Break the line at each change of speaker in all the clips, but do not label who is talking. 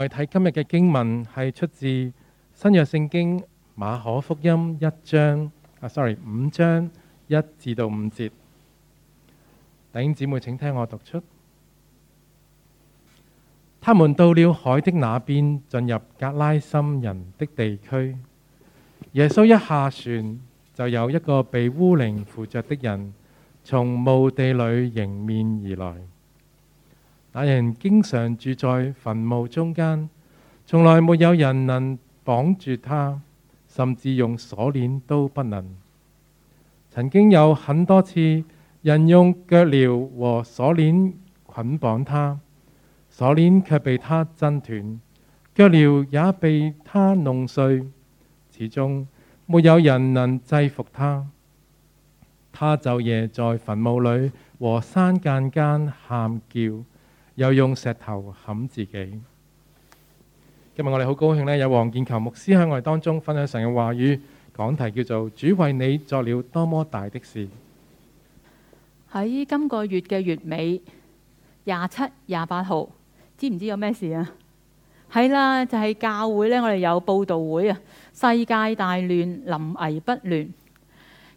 我哋睇今日嘅經文係出自新約聖經馬可福音一章啊，sorry 五章一至到五節，弟兄姊妹請聽我讀出。他們到了海的那邊，進入格拉森人的地區。耶穌一下船，就有一個被污靈附着的人從墓地裏迎面而來。那人經常住在墳墓中間，從來沒有人能綁住他，甚至用鎖鏈都不能。曾經有很多次，人用腳鐐和鎖鏈捆綁他，鎖鏈卻被他掙斷，腳鐐也被他弄碎，始終沒有人能制服他。他晝夜在墳墓裏和山間間喊叫。又用石頭冚自己。今日我哋好高興呢，有黃建球牧師喺我哋當中分享神嘅話語，講題叫做「主為你做了多麼大的事」。
喺今個月嘅月尾廿七、廿八號，知唔知有咩事啊？係啦，就係、是、教會呢。我哋有佈道會啊！世界大亂，臨危不亂。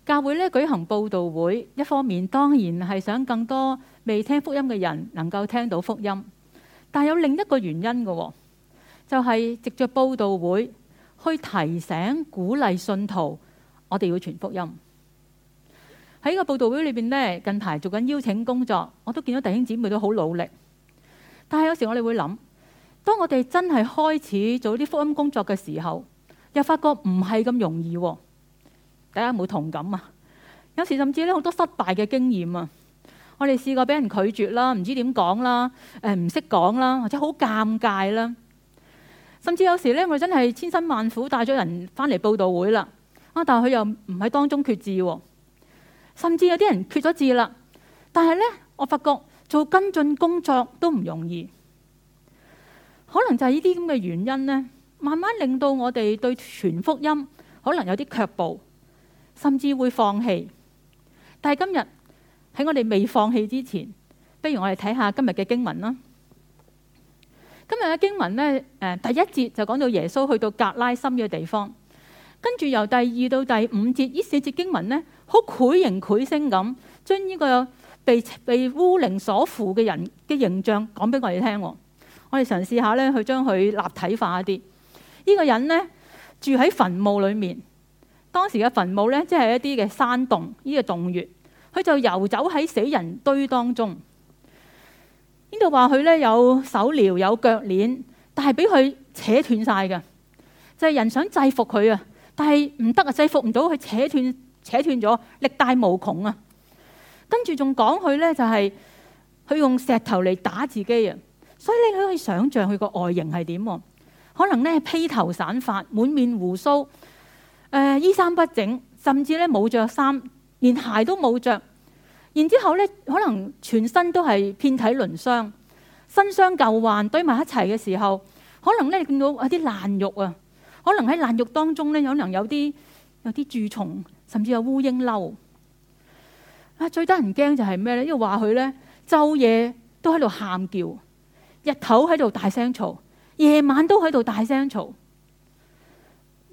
教會咧舉行佈道會，一方面當然係想更多未聽福音嘅人能夠聽到福音，但有另一個原因嘅、哦，就係、是、藉著佈道會去提醒、鼓勵信徒，我哋要傳福音。喺個佈道會裏邊呢，近排做緊邀請工作，我都見到弟兄姊妹都好努力。但係有時我哋會諗，當我哋真係開始做啲福音工作嘅時候，又發覺唔係咁容易、哦。大家有冇同感啊？有時甚至咧好多失敗嘅經驗啊！我哋試過俾人拒絕啦，唔知點講啦，誒唔識講啦，或者好尷尬啦。甚至有時咧，我真係千辛萬苦帶咗人翻嚟佈道會啦啊！但係佢又唔喺當中決志喎，啊。甚至有啲人決咗志啦，但係咧我發覺做跟進工作都唔容易。可能就係呢啲咁嘅原因咧，慢慢令到我哋對全福音可能有啲卻步。甚至會放棄，但係今日喺我哋未放棄之前，不如我哋睇下今日嘅經文啦。今日嘅經文咧，誒，第一節就講到耶穌去到格拉森嘅地方，跟住由第二到第五節，呢四節經文咧，好繪形繪聲咁，將呢個被被污靈所附嘅人嘅形象講俾我哋聽。我哋嘗試下咧，去將佢立體化一啲。呢個人咧住喺墳墓裏面。當時嘅墳墓咧，即係一啲嘅山洞，呢個洞穴，佢就游走喺死人堆當中。這說他，呢度話佢咧有手鐐、有腳鏈，但係俾佢扯斷晒嘅，就係、是、人想制服佢啊，但係唔得啊，制服唔到，佢扯斷、扯斷咗，力大無窮啊！跟住仲講佢咧，就係、是、佢用石頭嚟打自己啊，所以你可以想象，佢個外形係點？可能咧披頭散發、滿面鬍鬚。誒、呃、衣衫不整，甚至咧冇着衫，連鞋都冇着。然之後咧，可能全身都係遍體鱗傷，新傷舊患堆埋一齊嘅時候，可能咧你見到有啲爛肉啊。可能喺爛肉當中咧，可能有啲有啲蛀蟲，甚至有烏蠅嬲。啊，最得人驚就係咩咧？因為話佢咧，晝夜都喺度喊叫，日頭喺度大聲嘈，夜晚都喺度大聲嘈。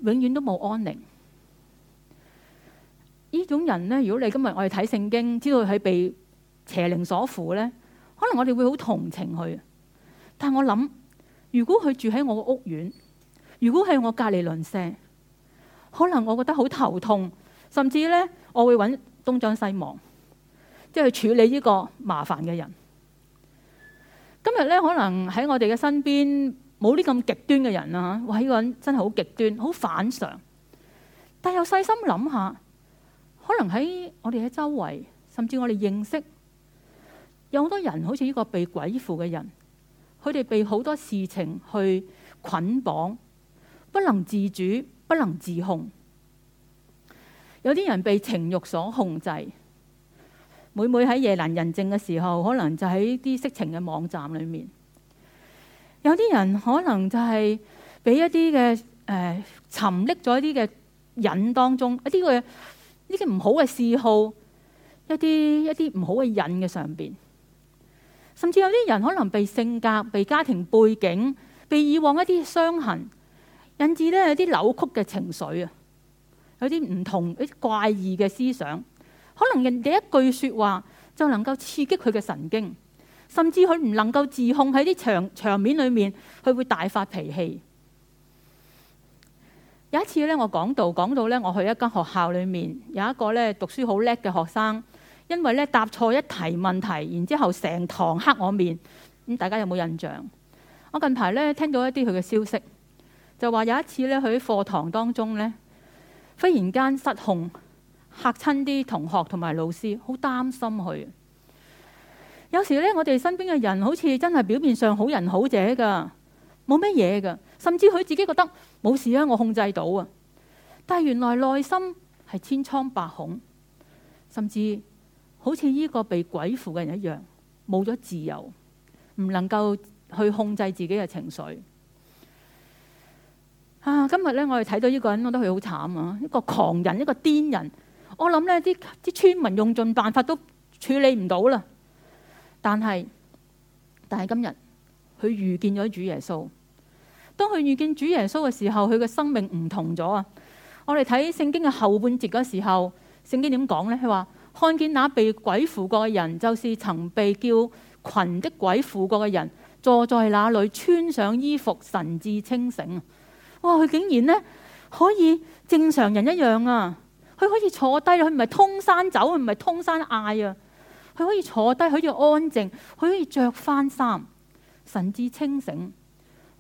永遠都冇安寧。呢種人呢，如果你今日我哋睇聖經，知道佢被邪靈所附呢，可能我哋會好同情佢。但我諗，如果佢住喺我嘅屋苑，如果喺我隔離鄰舍，可能我覺得好頭痛，甚至呢，我會揾東張西望，即係處理呢個麻煩嘅人。今日呢，可能喺我哋嘅身邊。冇啲咁極端嘅人啊。我呢、呢個人真係好極端，好反常。但又細心諗下，可能喺我哋喺周圍，甚至我哋認識，有好多人好似呢個被鬼附嘅人，佢哋被好多事情去捆綁，不能自主，不能自控。有啲人被情欲所控制，每每喺夜闌人靜嘅時候，可能就喺啲色情嘅網站裏面。有啲人可能就係俾一啲嘅誒沉溺咗一啲嘅癮當中，一啲嘅呢啲唔好嘅嗜好，一啲一啲唔好嘅癮嘅上邊，甚至有啲人可能被性格、被家庭背景、被以往一啲傷痕，引致咧有啲扭曲嘅情緒啊，有啲唔同，一啲怪異嘅思想，可能人哋一句説話就能夠刺激佢嘅神經。甚至佢唔能夠自控喺啲場場面裏面，佢會大發脾氣。有一次呢，我講到講到呢，我去一間學校裏面，有一個呢讀書好叻嘅學生，因為呢答錯一題問題，然之後成堂黑我面。咁大家有冇印象？我近排呢聽到一啲佢嘅消息，就話有一次呢，佢喺課堂當中呢，忽然間失控，嚇親啲同學同埋老師，好擔心佢。有時咧，我哋身邊嘅人好似真係表面上好人好者噶，冇咩嘢噶。甚至佢自己覺得冇事啊，我控制到啊。但係原來內心係千瘡百孔，甚至好似依個被鬼附嘅人一樣，冇咗自由，唔能夠去控制自己嘅情緒啊。今日咧，我哋睇到呢個人，我覺得佢好慘啊！一個狂人，一個癲人，我諗咧啲啲村民用盡辦法都處理唔到啦。但係，但係今日佢遇見咗主耶穌。當佢遇見主耶穌嘅時候，佢嘅生命唔同咗啊！我哋睇聖經嘅後半節嘅時候，聖經點講呢？佢話看見那被鬼附過嘅人，就是曾被叫群的鬼附過嘅人，坐在那裏，穿上衣服，神志清醒。哇！佢竟然呢？可以正常人一樣啊！佢可以坐低。佢唔係通山走，佢唔係通山嗌啊！佢可以坐低，佢要安靜，佢可以着翻衫，神志清醒，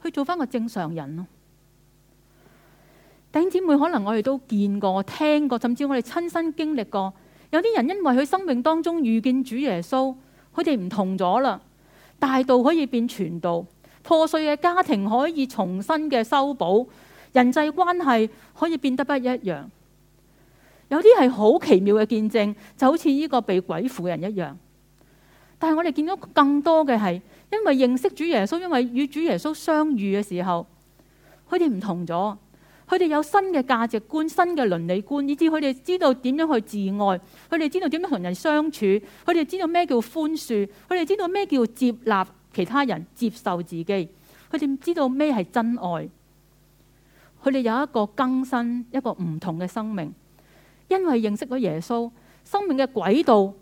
去做翻個正常人咯。弟兄姊妹，可能我哋都見過、聽過，甚至我哋親身經歷過。有啲人因為佢生命當中遇見主耶穌，佢哋唔同咗啦。大盜可以變傳道，破碎嘅家庭可以重新嘅修補，人際關係可以變得不一樣。有啲係好奇妙嘅見證，就好似呢個被鬼附嘅人一樣。但係我哋見到更多嘅係，因為認識主耶穌，因為與主耶穌相遇嘅時候，佢哋唔同咗。佢哋有新嘅價值觀、新嘅倫理觀，以至佢哋知道點樣去自愛，佢哋知道點樣同人相處，佢哋知道咩叫寬恕，佢哋知道咩叫接納其他人、接受自己，佢哋知道咩係真愛。佢哋有一個更新、一個唔同嘅生命。因為認識咗耶穌，生命嘅軌道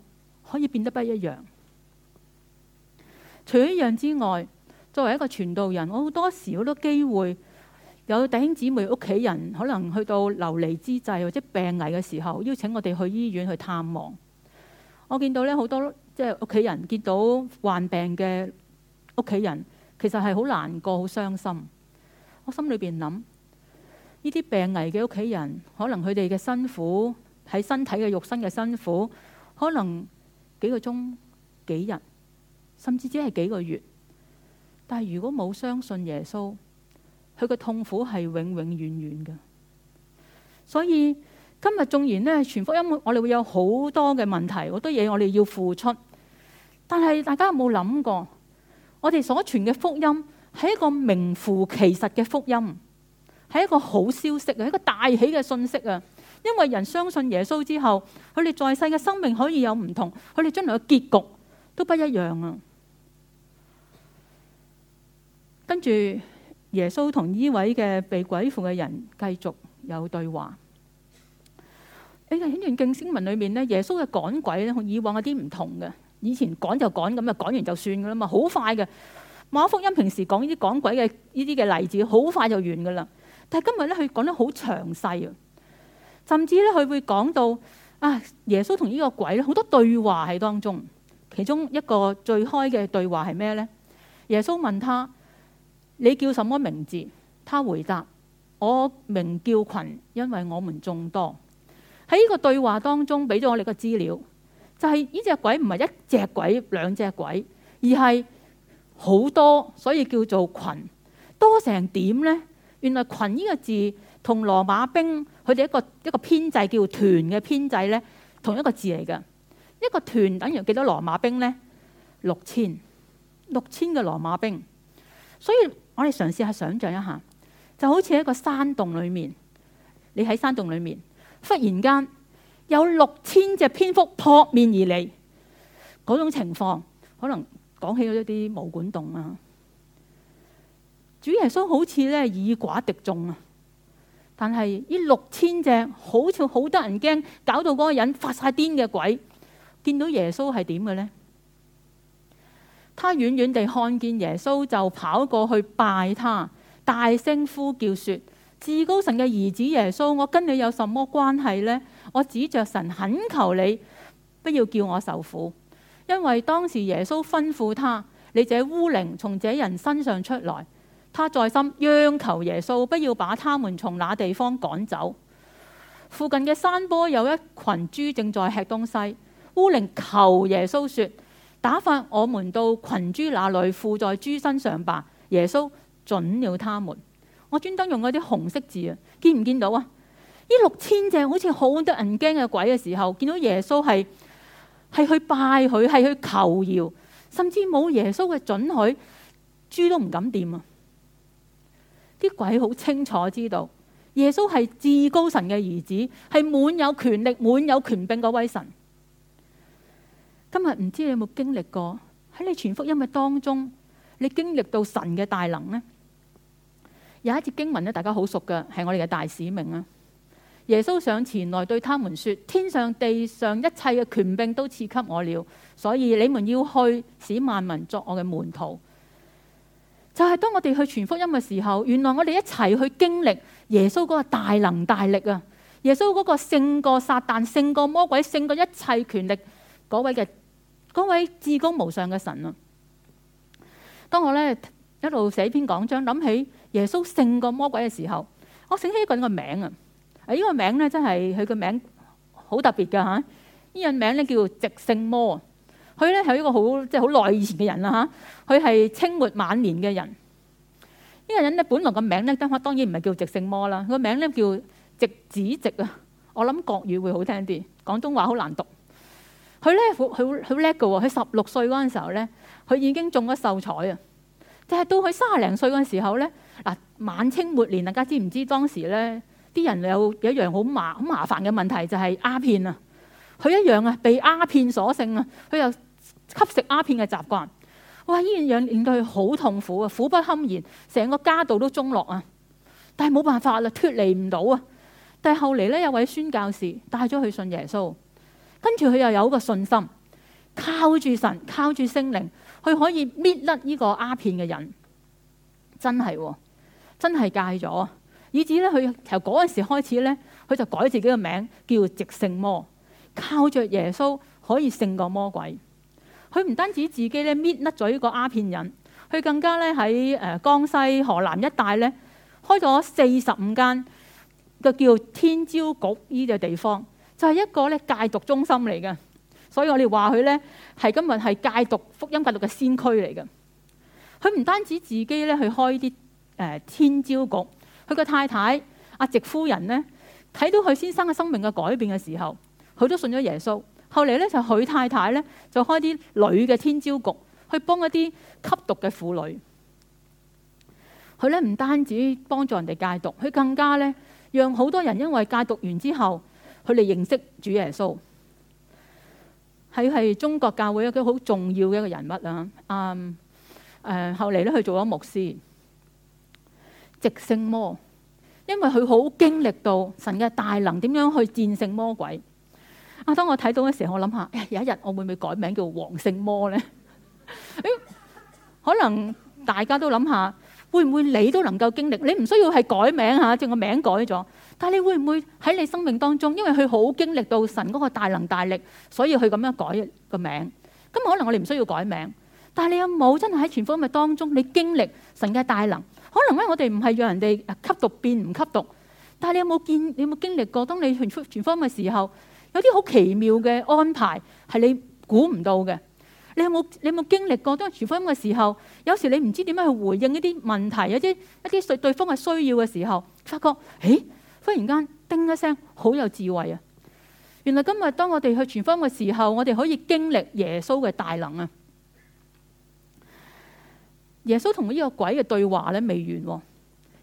可以變得不一樣。除咗呢樣之外，作為一個傳道人，我好多時好多機會有弟兄姊妹屋企人，可能去到流離之際或者病危嘅時候，邀請我哋去醫院去探望。我見到咧好多即係屋企人見到患病嘅屋企人，其實係好難過、好傷心。我心裏邊諗。呢啲病危嘅屋企人，可能佢哋嘅辛苦喺身體嘅肉身嘅辛苦，可能幾個鐘、幾日，甚至只係幾個月。但係如果冇相信耶穌，佢嘅痛苦係永永遠遠嘅。所以今日縱然呢，傳福音我哋會有好多嘅問題，好多嘢我哋要付出。但係大家有冇諗過，我哋所傳嘅福音係一個名副其實嘅福音？係一個好消息啊！一個大喜嘅信息啊！因為人相信耶穌之後，佢哋在世嘅生命可以有唔同，佢哋將來嘅結局都不一樣啊！跟住耶穌同呢位嘅被鬼附嘅人繼續有對話。喺喺段經書文裏面咧，耶穌嘅趕鬼咧同以往有啲唔同嘅，以前趕就趕咁啊，趕完就算噶啦嘛，好快嘅。馬福音平時講呢啲趕鬼嘅呢啲嘅例子，好快就完噶啦。但係今日咧，佢講得好詳細啊！甚至咧，佢會講到啊，耶穌同呢個鬼咧好多對話喺當中。其中一個最開嘅對話係咩呢？耶穌問他，你叫什麼名字？他回答，我名叫群，因為我們眾多。喺呢個對話當中，俾咗我哋個資料，就係呢隻鬼唔係一隻鬼、兩隻鬼，而係好多，所以叫做群。」多成點呢？原來群呢個字同羅馬兵佢哋一個一個編制叫團嘅編制咧，同一個字嚟嘅。一個團等於幾多羅馬兵咧？六千，六千嘅羅馬兵。所以我哋嘗試下想像一下，就好似一個山洞裡面，你喺山洞裡面，忽然間有六千隻蝙蝠撲面而嚟，嗰種情況，可能講起咗一啲毛管戙啊。主耶穌好似咧，以寡敵眾啊，但係呢六千隻好似好得人驚，搞到嗰個人發晒癲嘅鬼見到耶穌係點嘅呢？他遠遠地看見耶穌，就跑過去拜他，大聲呼叫說：至高神嘅兒子耶穌，我跟你有什麼關係呢？我指着神懇求你不要叫我受苦，因為當時耶穌吩咐他：你這污靈，從這人身上出來。他在心央求耶穌不要把他們從那地方趕走。附近嘅山坡有一群豬正在吃東西。污靈求耶穌說：打發我們到群豬那裏附在豬身上吧。耶穌準了他們。我專登用嗰啲紅色字啊，見唔見到啊？呢六千隻好似好得人驚嘅鬼嘅時候，見到耶穌係係去拜佢，係去求饒，甚至冇耶穌嘅准許，豬都唔敢掂啊！啲鬼好清楚知道，耶穌係至高神嘅兒子，係滿有權力、滿有權柄嘅位神。今日唔知道你有冇經歷過喺你全福音嘅當中，你經歷到神嘅大能呢？有一節經文咧，大家好熟嘅，係我哋嘅大使命啊！耶穌上前來對他們說天上地上一切嘅權柄都賜給我了，所以你們要去，使萬民作我嘅門徒。就係當我哋去傳福音嘅時候，原來我哋一齊去經歷耶穌嗰個大能大力啊！耶穌嗰個勝過撒但、勝過魔鬼、勝過一切權力嗰位嘅嗰位至高無上嘅神啊！當我咧一路寫篇講章，諗起耶穌勝過魔鬼嘅時候，我醒起一個人個名啊！啊，呢個名咧真係佢個名好特別㗎吓，呢個名咧叫直勝魔。佢咧係一個好即係好耐以前嘅人啦嚇，佢係清末晚年嘅人。呢個人咧，本來個名咧，當當然唔係叫直性魔啦，個名咧叫直子直啊。我諗國語會好聽啲，廣東話好難讀。佢咧好好叻㗎喎，佢十六歲嗰陣時候咧，佢已經中咗秀才啊。但係到佢三十零歲嗰時候咧，嗱晚清末年，大家知唔知當時咧啲人有一樣好麻好麻煩嘅問題，就係鴉片啊。佢一樣啊，被鴉片所性啊，佢又，吸食鴉片嘅習慣，哇！依然令到佢好痛苦啊，苦不堪言，成個家道都中落啊。但係冇辦法啦，脫離唔到啊。但係後嚟咧，有位宣教士帶咗佢信耶穌，跟住佢又有個信心，靠住神，靠住聖靈，佢可以搣甩呢個鴉片嘅癮。真係、哦、真係戒咗。以至咧，佢由嗰陣時開始咧，佢就改自己嘅名叫做直性魔，靠着耶穌可以勝過魔鬼。佢唔單止自己咧搣甩咗呢個鴉片人，佢更加咧喺誒江西、河南一帶咧開咗四十五間個叫天朝局依嘅地方，就係、是、一個咧戒毒中心嚟嘅。所以我哋話佢咧係今日係戒毒福音戒毒嘅先驅嚟嘅。佢唔單止自己咧去開啲誒、呃、天朝局，佢個太太阿、啊、直夫人咧睇到佢先生嘅生命嘅改變嘅時候，佢都信咗耶穌。後嚟咧就許太太咧就開啲女嘅天招局，去幫一啲吸毒嘅婦女。佢咧唔單止幫助人哋戒毒，佢更加咧讓好多人因為戒毒完之後，佢哋認識主耶穌。佢係中國教會一個好重要嘅一個人物啊。誒、呃、後嚟咧佢做咗牧師，直性魔，因為佢好經歷到神嘅大能點樣去戰勝魔鬼。啊！當我睇到嘅時候，我諗下，有一日我會唔會改名叫黃聖魔咧？誒，可能大家都諗下，會唔會你都能夠經歷？你唔需要係改名嚇，即係個名改咗。但係你會唔會喺你生命當中，因為佢好經歷到神嗰個大能大力，所以佢咁樣改個名。咁可能我哋唔需要改名，但係你有冇真係喺傳福音嘅當中，你經歷神嘅大能？可能咧，我哋唔係讓人哋吸毒變唔吸毒，但係你有冇見？你有冇經歷過？當你全出傳福音嘅時候？有啲好奇妙嘅安排，係你估唔到嘅。你有冇你有冇經歷過？當傳福音嘅時候，有時你唔知點樣去回應一啲問題、有啲一啲對方嘅需要嘅時候，發覺誒，忽然間叮一聲，好有智慧啊！原來今日當我哋去傳福音嘅時候，我哋可以經歷耶穌嘅大能啊！耶穌同呢個鬼嘅對話咧未完喎，啊，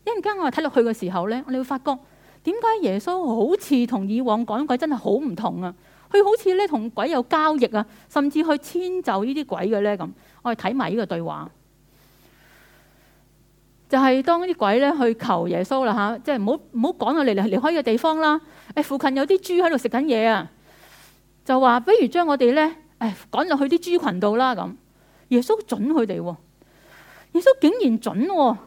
一陣間我哋睇落去嘅時候咧，我哋會發覺。點解耶穌好似同以往講鬼真係好唔同啊？佢好似咧同鬼有交易啊，甚至去遷就這些的呢啲鬼嘅咧咁。我哋睇埋呢個對話，就係、是、當啲鬼咧去求耶穌啦吓，即係唔好唔好趕我哋嚟離開呢個地方啦。誒、啊，附近有啲豬喺度食緊嘢啊，就話不如將我哋咧誒趕入去啲豬群度啦咁。耶穌准佢哋，耶穌竟然准，點、啊、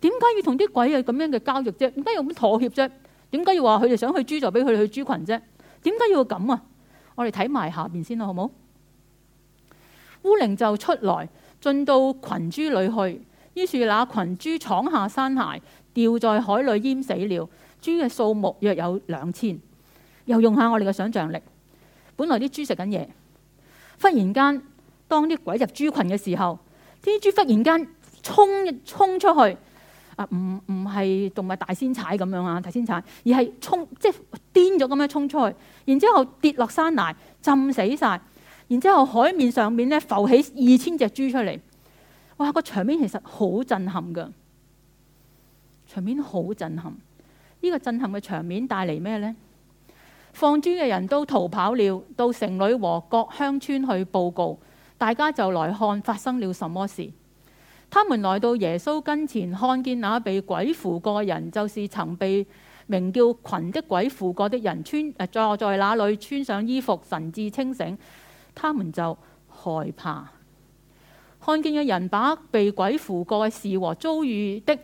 解要同啲鬼有咁樣嘅交易啫？點解要咁妥協啫？點解要話佢哋想去豬就俾佢哋去豬群啫？點解要咁啊？我哋睇埋下邊先啦，好唔好？污靈就出來進到群豬裏去，於是那群豬闖下山崖，掉在海裏淹死了。豬嘅數目約有兩千。又用下我哋嘅想象力，本來啲豬食緊嘢，忽然間當啲鬼入豬群嘅時候，啲豬忽然間衝一衝出去。唔唔係動物大仙踩咁樣啊，大仙踩，而係衝即係癲咗咁樣衝出去，然之後跌落山崖，浸死晒。然之後海面上面咧浮起二千隻豬出嚟。哇，個場面其實好震撼噶，場面好震撼。呢、呢個震撼嘅場面帶嚟咩呢？放豬嘅人都逃跑了，到城裏和各鄉村去報告，大家就來看發生了什麼事。他們來到耶穌跟前，看見那被鬼附過嘅人，就是曾被名叫群的鬼附過的人，穿坐在那裡穿上衣服，神志清醒。他們就害怕，看見有人把被鬼附過嘅事和遭遇的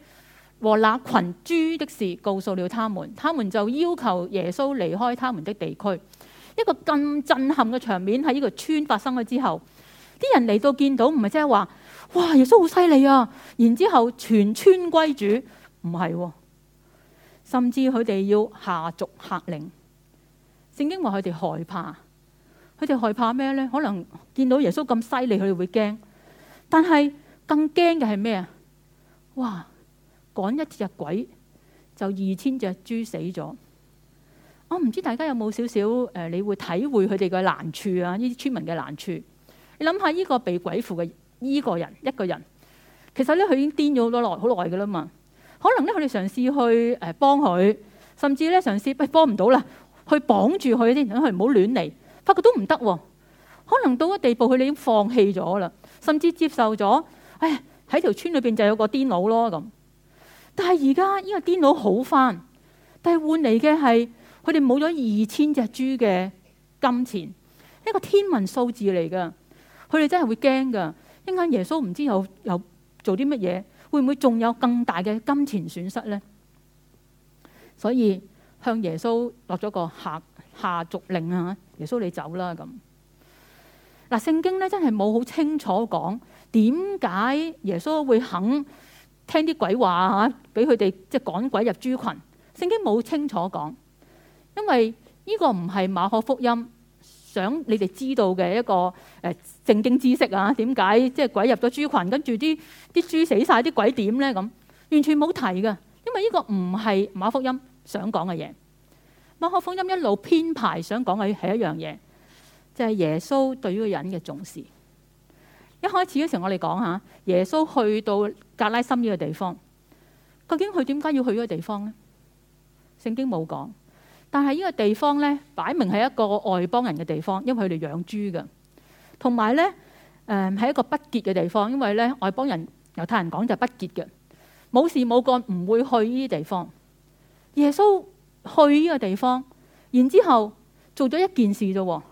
和那群豬的事告訴了他們，他們就要求耶穌離開他們的地區。一個更震撼嘅場面喺呢個村發生咗之後，啲人嚟到見到，唔係即係話。哇！耶穌好犀利啊！然之後全村歸主，唔係、啊，甚至佢哋要下逐客令。聖經話佢哋害怕，佢哋害怕咩呢？可能見到耶穌咁犀利，佢哋會驚。但係更驚嘅係咩啊？哇！趕一隻鬼就二千隻豬死咗。我唔知大家有冇少少誒，你會體會佢哋嘅難處啊？呢啲村民嘅難處，你諗下呢個被鬼附嘅。依個人一個人，其實咧佢已經癲咗好多耐好耐嘅啦嘛。可能咧佢哋嘗試去誒幫佢，甚至咧嘗試，哎幫唔到啦，去綁住佢先，等佢唔好亂嚟。發覺都唔得喎。可能到咗地步，佢哋已經放棄咗啦，甚至接受咗，哎喺條村裏邊就有個癲佬咯咁。但係而家依個癲佬好翻，但係換嚟嘅係佢哋冇咗二千隻豬嘅金錢，一個天文數字嚟嘅，佢哋真係會驚嘅。因間耶穌唔知有有做啲乜嘢，會唔會仲有更大嘅金錢損失咧？所以向耶穌落咗個下下逐令啊！耶穌你走啦咁。嗱聖經咧真係冇好清楚講點解耶穌會肯聽啲鬼話嚇，俾佢哋即係趕鬼入豬群。聖經冇好清楚講，因為呢個唔係馬可福音。想你哋知道嘅一個誒正經知識啊，點解即係鬼入咗豬群，跟住啲啲豬死晒，啲鬼點咧？咁完全冇提㗎，因為呢個唔係馬福音想講嘅嘢。馬可福音一路編排想講嘅係一樣嘢，就係、是、耶穌對於個人嘅重視。一開始嗰時候我哋講下，耶穌去到格拉森呢個地方，究竟佢點解要去呢個地方咧？聖經冇講。但係呢個地方咧，擺明係一個外邦人嘅地方，因為佢哋養豬㗎，同埋咧，誒，係一個不潔嘅地方，因為咧外邦人猶太人講就係不潔嘅，冇事冇幹唔會去呢啲地方。耶穌去呢個地方，然之後做咗一件事啫，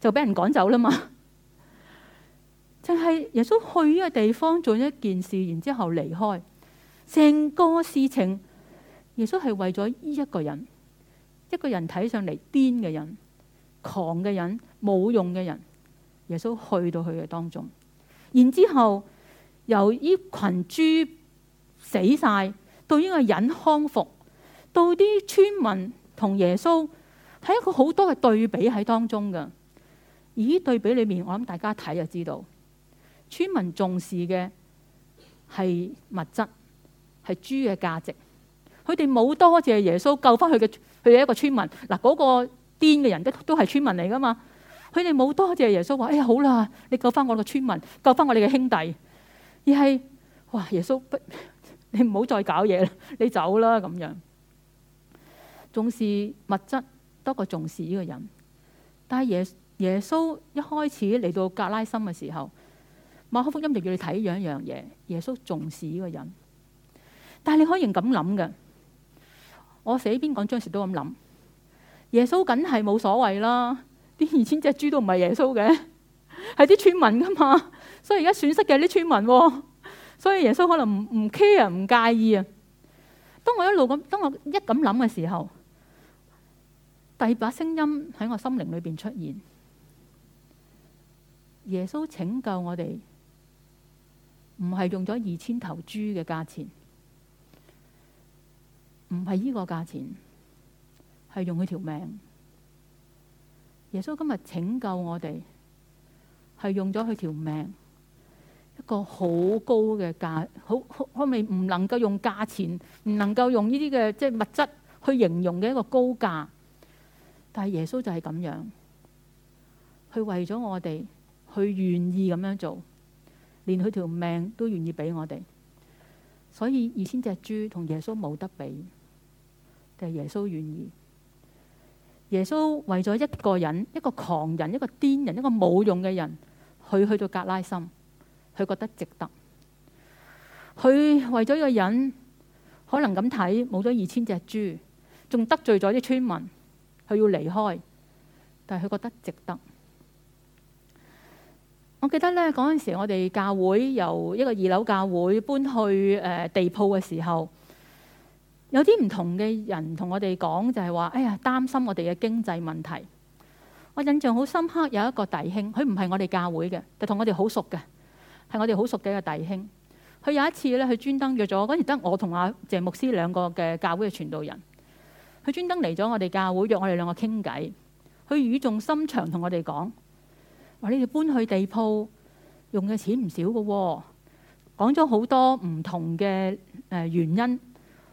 就俾人趕走啦嘛。就係耶穌去呢個地方做一件事，然之後離開，成個事情耶穌係為咗呢一個人。一個人睇上嚟癲嘅人，狂嘅人，冇用嘅人，耶穌去到佢嘅當中，然之後由呢群豬死晒到呢個人康復，到啲村民同耶穌係一個好多嘅對比喺當中嘅。而呢對比裏面，我諗大家睇就知道，村民重視嘅係物質，係豬嘅價值，佢哋冇多謝耶穌救翻佢嘅。佢一個村民，嗱嗰個癲嘅人都都係村民嚟噶嘛？佢哋冇多謝耶穌話：哎呀好啦，你救翻我個村民，救翻我哋嘅兄弟。而係哇，耶穌不，你唔好再搞嘢啦，你走啦咁樣。重視物質多過重視呢個人。但係耶耶穌一開始嚟到格拉森嘅時候，馬可福音就叫你睇樣樣嘢。耶穌重視呢個人，但係你可以咁諗嘅。我死邊講張時都咁諗，耶穌梗係冇所謂啦，啲二千隻豬都唔係耶穌嘅，係啲村民噶嘛，所以而家損失嘅係啲村民，所以耶穌可能唔唔 care 唔介意啊。當我一路咁，當我一咁諗嘅時候，第二把聲音喺我心靈裏邊出現，耶穌拯救我哋，唔係用咗二千頭豬嘅價錢。唔係呢個價錢，係用佢條命。耶穌今日拯救我哋，係用咗佢條命，一個好高嘅價，好可未唔能夠用價錢，唔能夠用呢啲嘅即係物質去形容嘅一個高價。但係耶穌就係咁樣，佢為咗我哋，去願意咁樣做，連佢條命都願意俾我哋。所以二千隻豬同耶穌冇得比。就係耶穌願意。耶穌為咗一個人，一個狂人，一個癲人，一個冇用嘅人，佢去到格拉森，佢覺得值得。佢為咗一個人，可能咁睇冇咗二千隻豬，仲得罪咗啲村民，佢要離開，但係佢覺得值得。我記得呢嗰陣時，我哋教會由一個二樓教會搬去誒、呃、地鋪嘅時候。有啲唔同嘅人同我哋講就係話，哎呀，擔心我哋嘅經濟問題。我印象好深刻，有一個弟兄，佢唔係我哋教會嘅，就同我哋好熟嘅，係我哋好熟嘅一個弟兄。佢有一次咧，佢專登約咗，嗰時得我同阿謝牧師兩個嘅教會嘅傳道人。佢專登嚟咗我哋教會，約我哋兩個傾偈。佢語重心長同我哋講話：你哋搬去地鋪用嘅錢唔少㗎喎。講咗好多唔同嘅誒原因。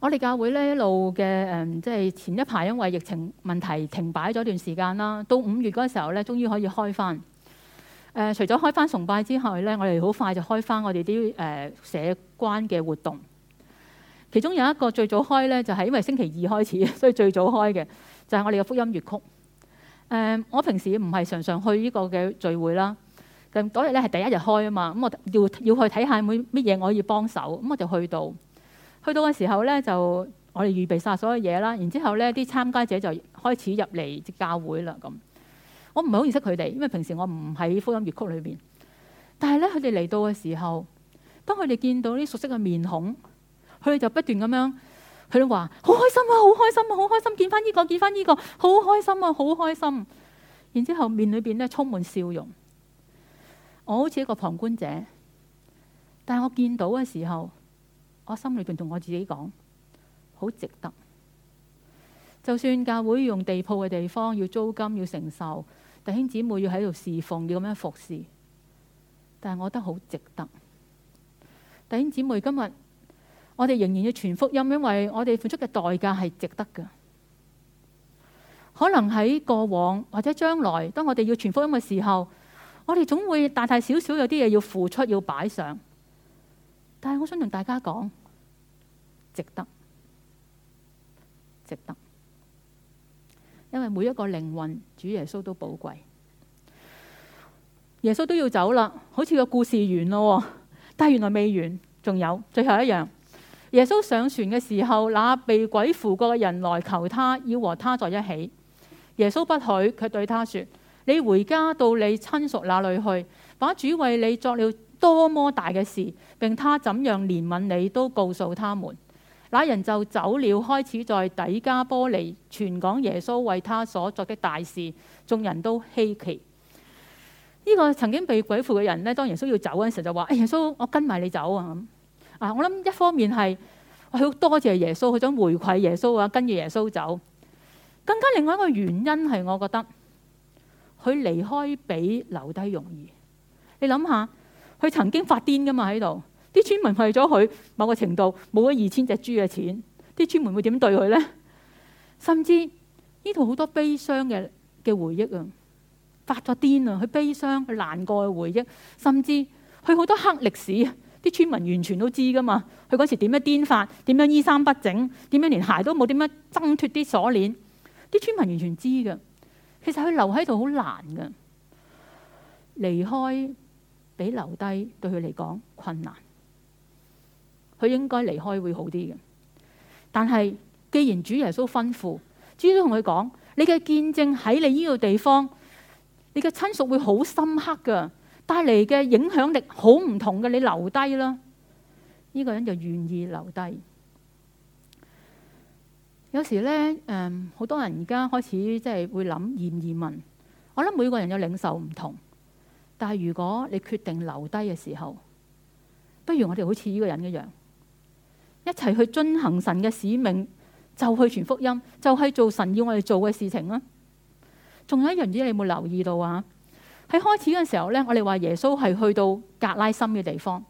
我哋教會咧一路嘅誒，即、嗯、係、就是、前一排因為疫情問題停擺咗一段時間啦。到五月嗰時候咧，終於可以開翻。誒、呃，除咗開翻崇拜之後咧，我哋好快就開翻我哋啲誒社關嘅活動。其中有一個最早開咧，就係、是、因為星期二開始，所以最早開嘅就係、是、我哋嘅福音粵曲。誒、呃，我平時唔係常常去呢個嘅聚會啦。咁嗰日咧係第一日開啊嘛，咁我要要去睇下有乜嘢我可以幫手，咁我就去到。去到嘅時候咧，就我哋預備晒所有嘢啦。然之後咧，啲參加者就開始入嚟即教會啦。咁我唔係好認識佢哋，因為平時我唔喺福音粵曲裏邊。但係咧，佢哋嚟到嘅時候，當佢哋見到啲熟悉嘅面孔，佢哋就不斷咁樣，佢哋話好開心啊，好開心啊，好開心，見翻呢個，見翻呢個，好開心啊，好開心。然之後面裏邊咧充滿笑容。我好似一個旁觀者，但係我見到嘅時候。我心裏邊同我自己講，好值得。就算教會用地鋪嘅地方要租金要承受，弟兄姊妹要喺度侍奉要咁樣服侍，但係我覺得好值得。弟兄姊妹，今日我哋仍然要傳福音，因為我哋付出嘅代價係值得嘅。可能喺過往或者將來，當我哋要傳福音嘅時候，我哋總會大大小小有啲嘢要付出要擺上。但係我想同大家講，值得，值得，因為每一個靈魂，主耶穌都寶貴。耶穌都要走啦，好似個故事完咯。但係原來未完，仲有最後一樣。耶穌上船嘅時候，那被鬼附過嘅人來求他要和他在一起。耶穌不許，佢對他說：你回家到你親屬那裏去，把主為你作了。多麼大嘅事，並他怎樣憐憫你，都告訴他們。那人就走了，開始在底加波利傳講耶穌為他所作的大事，眾人都稀奇。呢、這個曾經被鬼附嘅人呢，當耶穌要走嗰陣時就，就話、哎：誒，耶穌，我跟埋你走啊！啊，我諗一方面係好多謝耶穌，佢想回饋耶穌啊，跟住耶穌走。更加另外一個原因係，我覺得佢離開比留低容易。你諗下。佢曾經發癲㗎嘛喺度，啲村民為咗佢某個程度冇咗二千隻豬嘅錢，啲村民會點對佢咧？甚至呢度好多悲傷嘅嘅回憶啊，發咗癲啊，佢悲傷佢難過嘅回憶，甚至佢好多黑歷史，啲村民完全都知噶嘛。佢嗰時點樣癲法，點樣衣衫不整，點樣連鞋都冇，點樣掙脱啲鎖鏈，啲村民完全知㗎。其實佢留喺度好難㗎，離開。俾留低對佢嚟講困難，佢應該離開會好啲嘅。但係既然主耶穌吩咐，主耶穌都同佢講：你嘅見證喺你呢個地方，你嘅親屬會好深刻嘅，帶嚟嘅影響力好唔同嘅。你留低啦，呢個人就願意留低。有時咧，誒、嗯，好多人而家開始即係會諗，移唔移民。我諗每個人有領受唔同。但係如果你決定留低嘅時候，不如我哋好似呢個人一樣，一齊去遵行神嘅使命，就去傳福音，就去、係、做神要我哋做嘅事情啦。仲有一樣嘢，你有冇留意到啊？喺開始嘅時候咧，我哋話耶穌係去到格拉森嘅地方，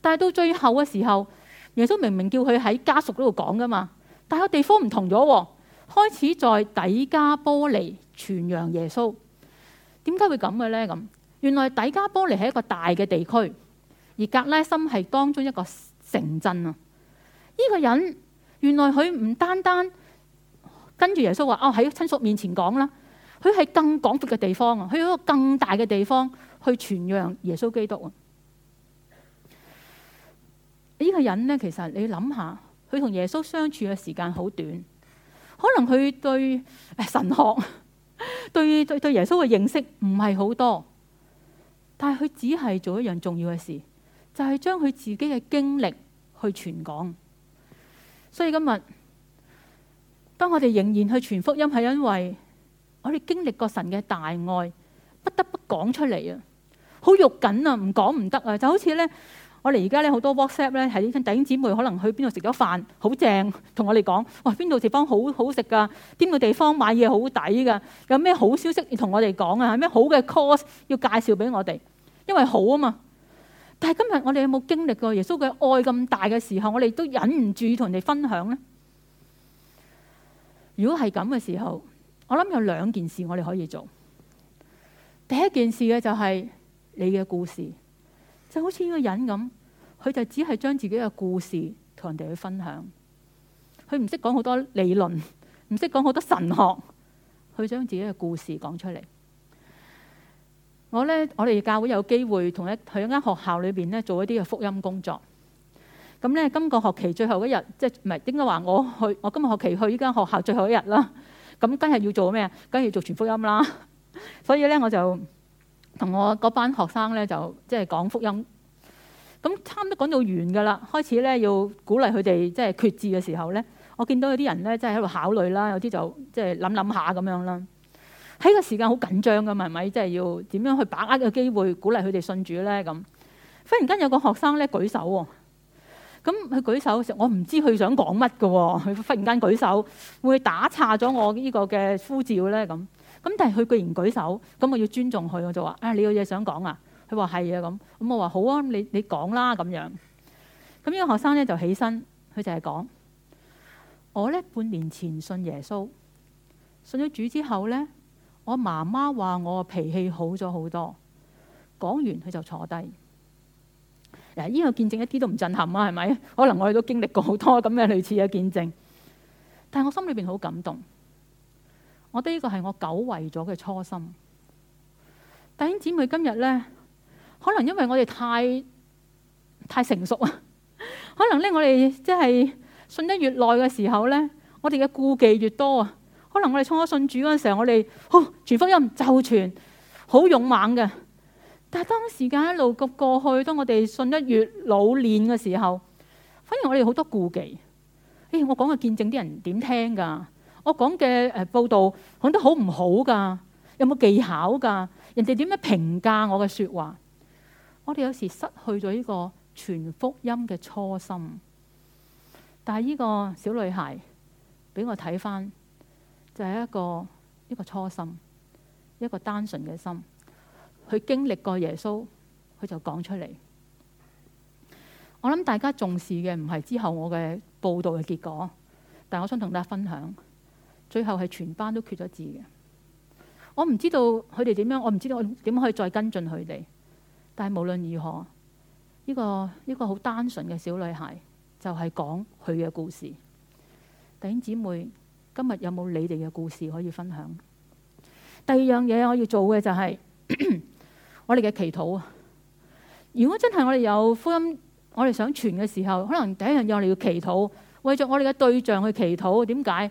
但係到最後嘅時候，耶穌明明叫佢喺家屬嗰度講㗎嘛，但係個地方唔同咗，開始在底加波尼傳揚耶穌。點解會咁嘅咧？咁？原來低加波利係一個大嘅地區，而格拉森係當中一個城鎮啊！呢個人原來佢唔單單跟住耶穌話哦，喺親屬面前講啦，佢係更廣闊嘅地方啊，去一個更大嘅地方去傳揚耶穌基督啊！呢個人咧，其實你諗下，佢同耶穌相處嘅時間好短，可能佢對神學、對對對耶穌嘅認識唔係好多。但係佢只係做一樣重要嘅事，就係將佢自己嘅經歷去傳講。所以今日，當我哋仍然去傳福音，係因為我哋經歷過神嘅大愛，不得不講出嚟啊！好肉緊啊，唔講唔得啊！就好似呢。我哋而家咧好多 WhatsApp 咧，係啲弟兄姊妹可能去邊度食咗飯好正，同我哋講，哇，邊度地方好好食噶，邊個地方買嘢好抵噶，有咩好消息要同我哋講啊？有咩好嘅 course 要介紹俾我哋？因為好啊嘛。但係今日我哋有冇經歷過耶穌嘅愛咁大嘅時候，我哋都忍唔住同人哋分享呢？如果係咁嘅時候，我諗有兩件事我哋可以做。第一件事嘅就係你嘅故事。就好似呢個人咁，佢就只係將自己嘅故事同人哋去分享，佢唔識講好多理論，唔識講好多神學，佢將自己嘅故事講出嚟。我咧，我哋教會有機會同一去一間學校裏邊咧做一啲嘅福音工作。咁咧，今個學期最後一日，即係唔係應該話我去？我今個學期去呢間學校最後一日啦。咁今日要做咩啊？梗係要做全福音啦。所以咧，我就。同我嗰班學生咧，就即係講福音。咁差唔多講到完噶啦，開始咧要鼓勵佢哋即係決志嘅時候咧，我見到有啲人咧，即係喺度考慮啦，有啲就即係諗諗下咁樣啦。喺個時間好緊張噶嘛，係咪？即係要點樣去把握個機會，鼓勵佢哋信主咧？咁忽然間有個學生咧舉手喎，咁佢舉手嘅時候，我唔知佢想講乜㗎喎，佢忽然間舉手會打岔咗我呢個嘅呼召咧咁。咁但係佢居然舉手，咁我要尊重佢，我就話：啊、哎，你有嘢想講啊？佢話係啊，咁咁我話好啊，你你講啦咁樣。咁呢個學生咧就起身，佢就係講：我咧半年前信耶穌，信咗主之後咧，我媽媽話我脾氣好咗好多。講完佢就坐低。誒，呢個見證一啲都唔震撼啊，係咪？可能我哋都經歷過好多咁嘅類似嘅見證，但係我心裏面好感動。我覺得呢個係我久違咗嘅初心。弟兄姊妹今日咧，可能因為我哋太太成熟啊，可能咧我哋即係信得越耐嘅時候咧，我哋嘅顧忌越多啊。可能我哋初初信主嗰陣時候，我哋好傳福音就傳，好勇猛嘅。但係當時間一路過過去，當我哋信得越老練嘅時候，反而我哋好多顧忌。誒、哎，我講嘅見證啲人點聽噶？我講嘅誒報道講得好唔好噶？有冇技巧噶？人哋點樣評價我嘅說話？我哋有時失去咗呢個全福音嘅初心。但係呢個小女孩俾我睇返，就係、是、一個一個初心，一個單純嘅心。佢經歷過耶穌，佢就講出嚟。我諗大家重視嘅唔係之後我嘅報道嘅結果，但係我想同大家分享。最後係全班都缺咗字嘅，我唔知道佢哋點樣，我唔知道我點可以再跟進佢哋。但係無論如何，呢、這個呢、這個好單純嘅小女孩就係講佢嘅故事。弟兄姊妹，今日有冇你哋嘅故事可以分享？第二樣嘢我要做嘅就係、是、我哋嘅祈禱。如果真係我哋有福音，我哋想傳嘅時候，可能第一樣嘢我哋要祈禱，為咗我哋嘅對象去祈禱。點解？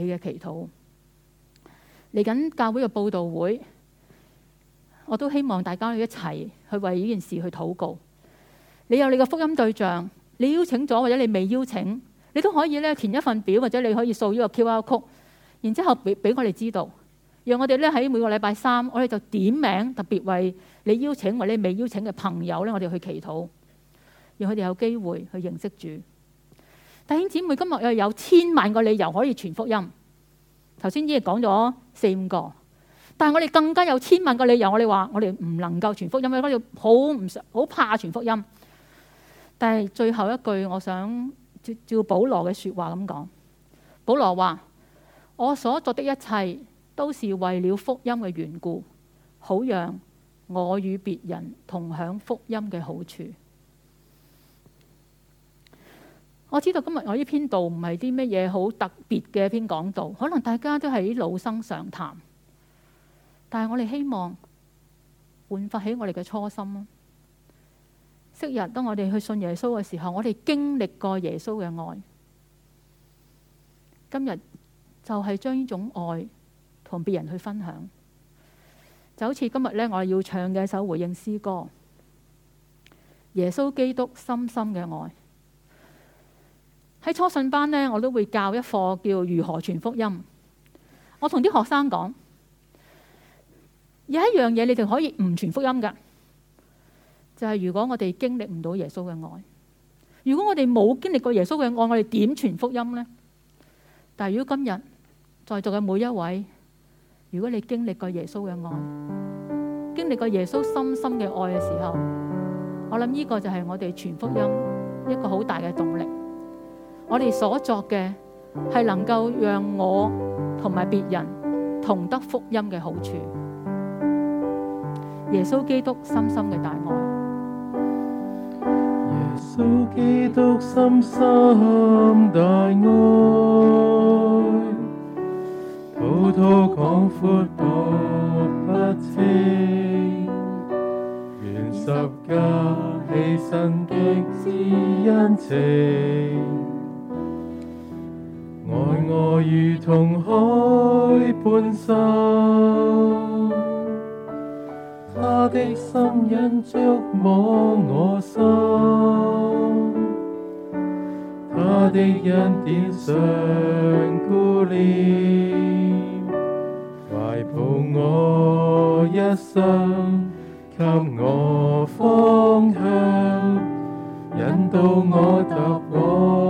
你嘅祈禱嚟緊教會嘅報道會，我都希望大家一齊去為呢件事去禱告。你有你嘅福音對象，你邀請咗或者你未邀請，你都可以咧填一份表，或者你可以掃呢個 QR Code，然之後俾俾我哋知道，讓我哋咧喺每個禮拜三，我哋就點名，特別為你邀請或者你未邀請嘅朋友咧，我哋去祈禱，讓佢哋有機會去認識主。弟兄姊妹，今日又有千萬個理由可以傳福音。頭先只係講咗四五個，但係我哋更加有千萬個理由，我哋話我哋唔能夠傳福音，因為好唔想，好怕傳福音。但係最後一句，我想照照保羅嘅說話咁講。保羅話：我所做的一切都是為了福音嘅緣故，好讓我與別人同享福音嘅好處。我知道今日我呢篇道唔係啲咩嘢好特別嘅一篇講道，可能大家都係啲老生常談。但係我哋希望煥發起我哋嘅初心，昔日當我哋去信耶穌嘅時候，我哋經歷過耶穌嘅愛。今日就係將呢種愛同別人去分享，就好似今日呢，我哋要唱嘅一首回應詩歌——耶穌基督深深嘅愛。喺初信班咧，我都會教一課叫如何傳福音。我同啲學生講，有一樣嘢你哋可以唔傳福音㗎，就係如果我哋經歷唔到耶穌嘅愛，如果我哋冇經歷過耶穌嘅愛，我哋點傳福音呢？但係如果今日在座嘅每一位，如果你經歷過耶穌嘅愛，經歷過耶穌深深嘅愛嘅時候，我諗呢個就係我哋傳福音一個好大嘅動力。我哋所作嘅係能夠讓我同埋別人同得福音嘅好處。耶穌基督深深嘅大愛。
耶穌基督深深大愛，滔滔廣闊道不清，願十架犧牲極致恩情。愛我如同海般深，他的心印觸摸我心，
他的恩典常
顧念，懷抱我一生，給我方向，引導我踏我。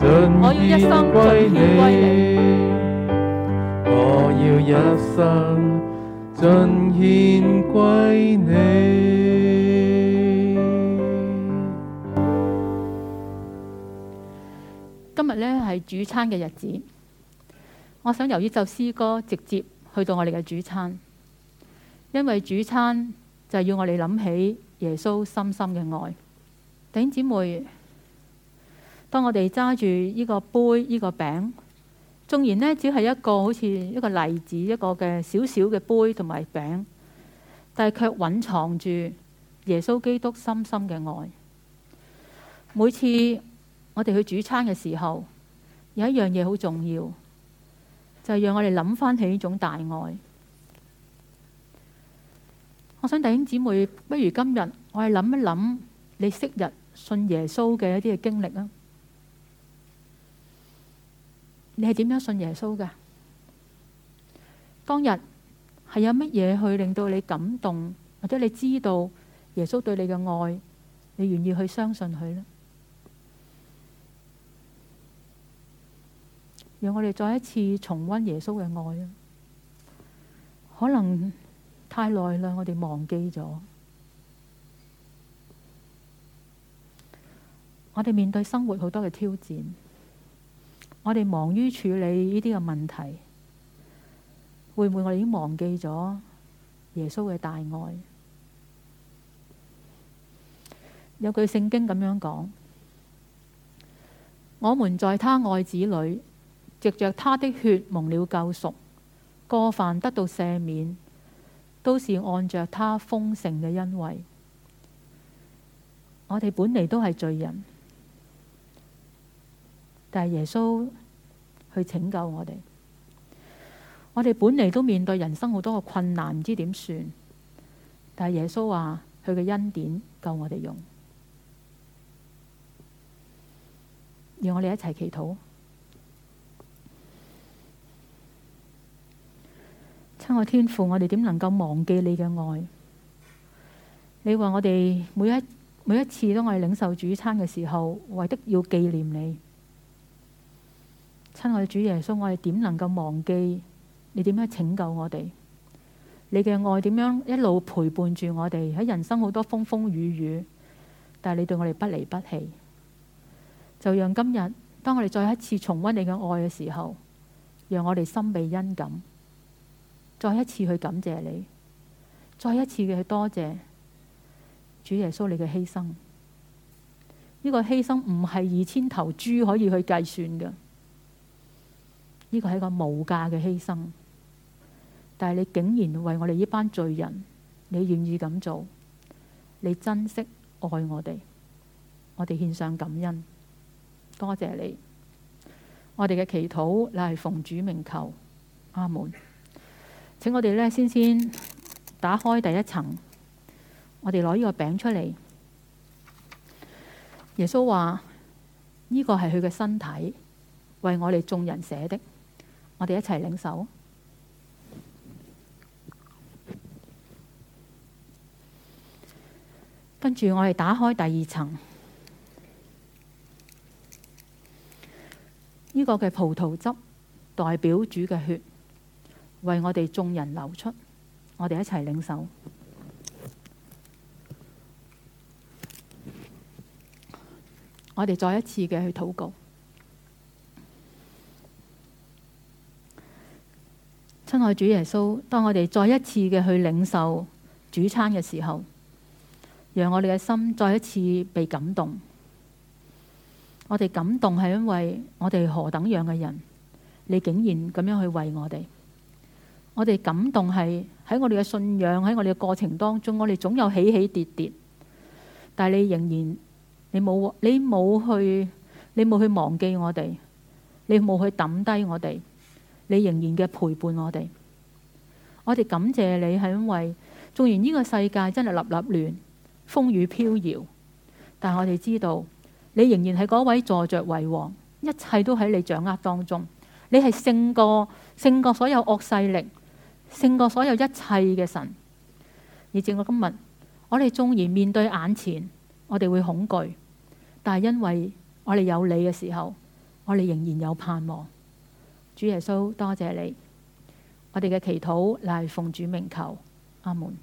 我要一生盡獻歸你，我要一生盡獻
歸你。歸你。今日呢係主餐嘅日子，我想由呢首詩歌直接去到我哋嘅主餐，因為主餐就是要我哋諗起耶穌深深嘅愛。頂姊妹。當我哋揸住呢個杯、呢個餅，縱然呢只係一個好似一個例子、一個嘅小小嘅杯同埋餅，但係卻蘊藏住耶穌基督深深嘅愛。每次我哋去主餐嘅時候，有一樣嘢好重要，就係讓我哋諗翻起呢種大愛。我想弟兄姊妹，不如今日我哋諗一諗你昔日信耶穌嘅一啲嘅經歷啊！你係點樣信耶穌㗎？當日係有乜嘢去令到你感動，或者你知道耶穌對你嘅愛，你願意去相信佢呢？讓我哋再一次重溫耶穌嘅愛啊！可能太耐啦，我哋忘記咗。我哋面對生活好多嘅挑戰。我哋忙於處理呢啲嘅問題，會唔會我哋已經忘記咗耶穌嘅大愛？有句聖經咁樣講：我們在他愛子裏，藉着他的血蒙了救贖，過犯得到赦免，都是按着他豐盛嘅恩惠。我哋本嚟都係罪人。但係耶穌去拯救我哋，我哋本嚟都面對人生好多個困難，唔知點算。但係耶穌話佢嘅恩典夠我哋用，要我哋一齊祈禱，親愛天父，我哋點能夠忘記你嘅愛？你話我哋每一每一次當我哋領受主餐嘅時候，為的要紀念你。親愛的主耶穌，我哋點能夠忘記你？點樣拯救我哋？你嘅愛點樣一路陪伴住我哋喺人生好多風風雨雨，但係你對我哋不離不棄。就讓今日當我哋再一次重溫你嘅愛嘅時候，讓我哋心被恩感，再一次去感謝你，再一次嘅去多謝主耶穌你嘅犧牲。呢個犧牲唔係二千頭豬可以去計算嘅。呢個係個無價嘅犧牲，但係你竟然為我哋呢班罪人，你願意咁做。你珍惜愛我哋，我哋獻上感恩，多謝你。我哋嘅祈禱乃係奉主名求，阿門。請我哋呢，先先打開第一層，我哋攞呢個餅出嚟。耶穌話：呢、這個係佢嘅身體，為我哋眾人捨的。我哋一齊領受，跟住我哋打開第二層，呢個嘅葡萄汁代表主嘅血，為我哋眾人流出。我哋一齊領受，我哋再一次嘅去禱告。親愛主耶穌，當我哋再一次嘅去領受主餐嘅時候，讓我哋嘅心再一次被感動。我哋感動係因為我哋何等樣嘅人，你竟然咁樣去為我哋。我哋感動係喺我哋嘅信仰，喺我哋嘅過程當中，我哋總有起起跌跌，但係你仍然你冇你冇去你冇去忘記我哋，你冇去抌低我哋。你仍然嘅陪伴我哋，我哋感謝你，係因為縱然呢個世界真係立立亂、風雨飄搖，但係我哋知道你仍然係嗰位坐着為王，一切都喺你掌握當中。你係勝過勝過所有惡勢力、勝過所有一切嘅神。而正我今日，我哋縱然面對眼前，我哋會恐懼，但係因為我哋有你嘅時候，我哋仍然有盼望。主耶穌，多謝你，我哋嘅祈禱乃奉主名求，阿門。